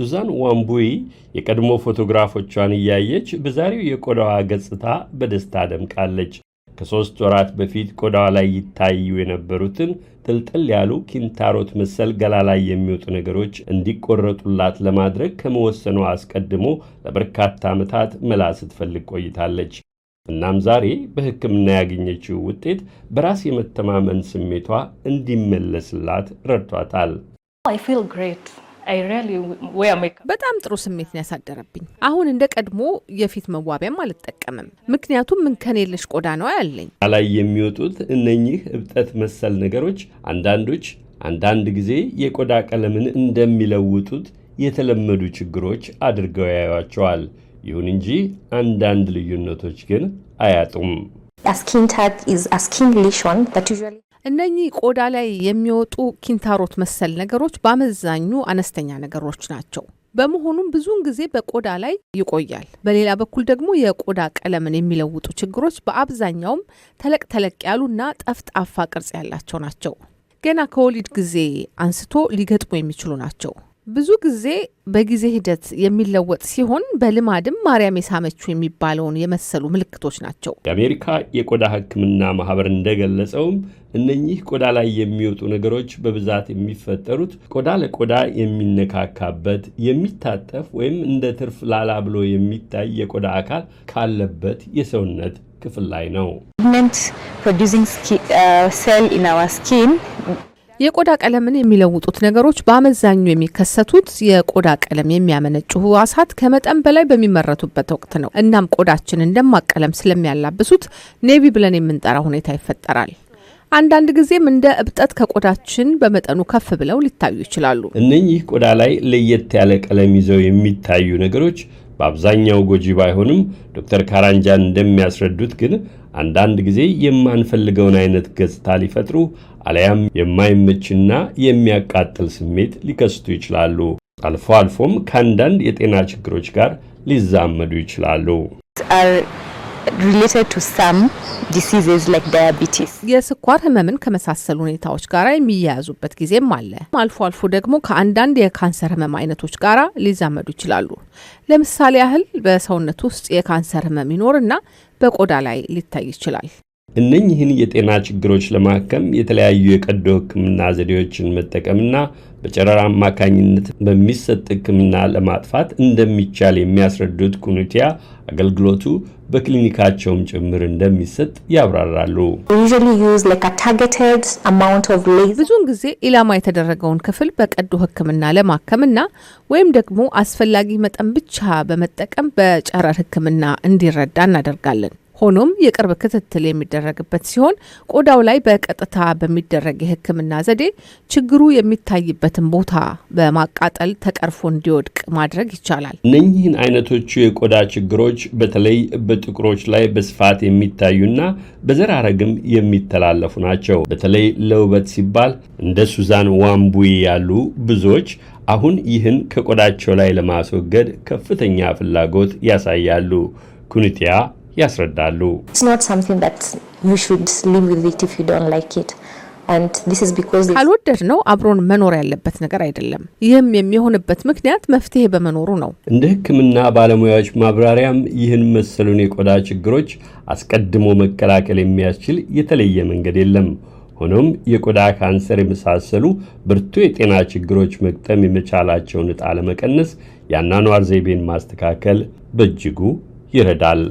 ሱዛን ዋምቡይ የቀድሞ ፎቶግራፎቿን እያየች በዛሬው የቆዳዋ ገጽታ በደስታ ደምቃለች። ከሦስት ወራት በፊት ቆዳዋ ላይ ይታዩ የነበሩትን ጥልጥል ያሉ ኪንታሮት መሰል ገላ ላይ የሚወጡ ነገሮች እንዲቆረጡላት ለማድረግ ከመወሰኗ አስቀድሞ ለበርካታ ዓመታት መላ ስትፈልግ ቆይታለች። እናም ዛሬ በሕክምና ያገኘችው ውጤት በራስ የመተማመን ስሜቷ እንዲመለስላት ረድቷታል። በጣም ጥሩ ስሜት ነው ያሳደረብኝ። አሁን እንደ ቀድሞ የፊት መዋቢያም አልጠቀምም፣ ምክንያቱም ምን ከኔልሽ ቆዳ ነው ያለኝ። ከላይ የሚወጡት እነኚህ እብጠት መሰል ነገሮች አንዳንዶች አንዳንድ ጊዜ የቆዳ ቀለምን እንደሚለውጡት የተለመዱ ችግሮች አድርገው ያዩቸዋል ይሁን እንጂ አንዳንድ ልዩነቶች ግን አያጡም። እነኚህ ቆዳ ላይ የሚወጡ ኪንታሮት መሰል ነገሮች በአመዛኙ አነስተኛ ነገሮች ናቸው። በመሆኑም ብዙውን ጊዜ በቆዳ ላይ ይቆያል። በሌላ በኩል ደግሞ የቆዳ ቀለምን የሚለውጡ ችግሮች በአብዛኛውም ተለቅ ተለቅ ያሉና ጠፍጣፋ ቅርጽ ያላቸው ናቸው። ገና ከወሊድ ጊዜ አንስቶ ሊገጥሙ የሚችሉ ናቸው። ብዙ ጊዜ በጊዜ ሂደት የሚለወጥ ሲሆን በልማድም ማርያም የሳመችው የሚባለውን የመሰሉ ምልክቶች ናቸው። የአሜሪካ የቆዳ ሕክምና ማህበር እንደገለጸውም እነኚህ ቆዳ ላይ የሚወጡ ነገሮች በብዛት የሚፈጠሩት ቆዳ ለቆዳ የሚነካካበት የሚታጠፍ ወይም እንደ ትርፍ ላላ ብሎ የሚታይ የቆዳ አካል ካለበት የሰውነት ክፍል ላይ ነው። የቆዳ ቀለምን የሚለውጡት ነገሮች በአመዛኙ የሚከሰቱት የቆዳ ቀለም የሚያመነጩ ህዋሳት ከመጠን በላይ በሚመረቱበት ወቅት ነው። እናም ቆዳችን ደማቅ ቀለም ስለሚያላብሱት ኔቪ ብለን የምንጠራ ሁኔታ ይፈጠራል። አንዳንድ ጊዜም እንደ እብጠት ከቆዳችን በመጠኑ ከፍ ብለው ሊታዩ ይችላሉ። እነኚህ ቆዳ ላይ ለየት ያለ ቀለም ይዘው የሚታዩ ነገሮች በአብዛኛው ጎጂ ባይሆንም ዶክተር ካራንጃን እንደሚያስረዱት ግን አንዳንድ ጊዜ የማንፈልገውን አይነት ገጽታ ሊፈጥሩ አለያም የማይመችና የሚያቃጥል ስሜት ሊከስቱ ይችላሉ። አልፎ አልፎም ከአንዳንድ የጤና ችግሮች ጋር ሊዛመዱ ይችላሉ። related to some diseases like diabetes የስኳር ህመምን ከመሳሰሉ ሁኔታዎች ጋር የሚያያዙበት ጊዜም አለ። አልፎ አልፎ ደግሞ ከአንዳንድ የካንሰር ህመም አይነቶች ጋር ሊዛመዱ ይችላሉ። ለምሳሌ ያህል በሰውነት ውስጥ የካንሰር ህመም ይኖር እና በቆዳ ላይ ሊታይ ይችላል። እነኝህን የጤና ችግሮች ለማከም የተለያዩ የቀዶ ሕክምና ዘዴዎችን መጠቀምና በጨረራ አማካኝነት በሚሰጥ ሕክምና ለማጥፋት እንደሚቻል የሚያስረዱት ኩኑቲያ አገልግሎቱ በክሊኒካቸውም ጭምር እንደሚሰጥ ያብራራሉ። ብዙውን ጊዜ ኢላማ የተደረገውን ክፍል በቀዶ ህክምና ለማከምና ወይም ደግሞ አስፈላጊ መጠን ብቻ በመጠቀም በጨረር ህክምና እንዲረዳ እናደርጋለን። ሆኖም የቅርብ ክትትል የሚደረግበት ሲሆን ቆዳው ላይ በቀጥታ በሚደረግ የሕክምና ዘዴ ችግሩ የሚታይበትን ቦታ በማቃጠል ተቀርፎ እንዲወድቅ ማድረግ ይቻላል። እነኚህን አይነቶቹ የቆዳ ችግሮች በተለይ በጥቁሮች ላይ በስፋት የሚታዩና በዘራረግም የሚተላለፉ ናቸው። በተለይ ለውበት ሲባል እንደ ሱዛን ዋምቡይ ያሉ ብዙዎች አሁን ይህን ከቆዳቸው ላይ ለማስወገድ ከፍተኛ ፍላጎት ያሳያሉ። ኩኒቲያ ያስረዳሉ። ካልወደድ ነው አብሮን መኖር ያለበት ነገር አይደለም። ይህም የሚሆንበት ምክንያት መፍትሄ በመኖሩ ነው። እንደ ሕክምና ባለሙያዎች ማብራሪያም ይህን መሰሉን የቆዳ ችግሮች አስቀድሞ መከላከል የሚያስችል የተለየ መንገድ የለም። ሆኖም የቆዳ ካንሰር የመሳሰሉ ብርቱ የጤና ችግሮች መግጠም የመቻላቸውን ዕጣ ለመቀነስ የአኗኗር ዘይቤን ማስተካከል በእጅጉ ይረዳል።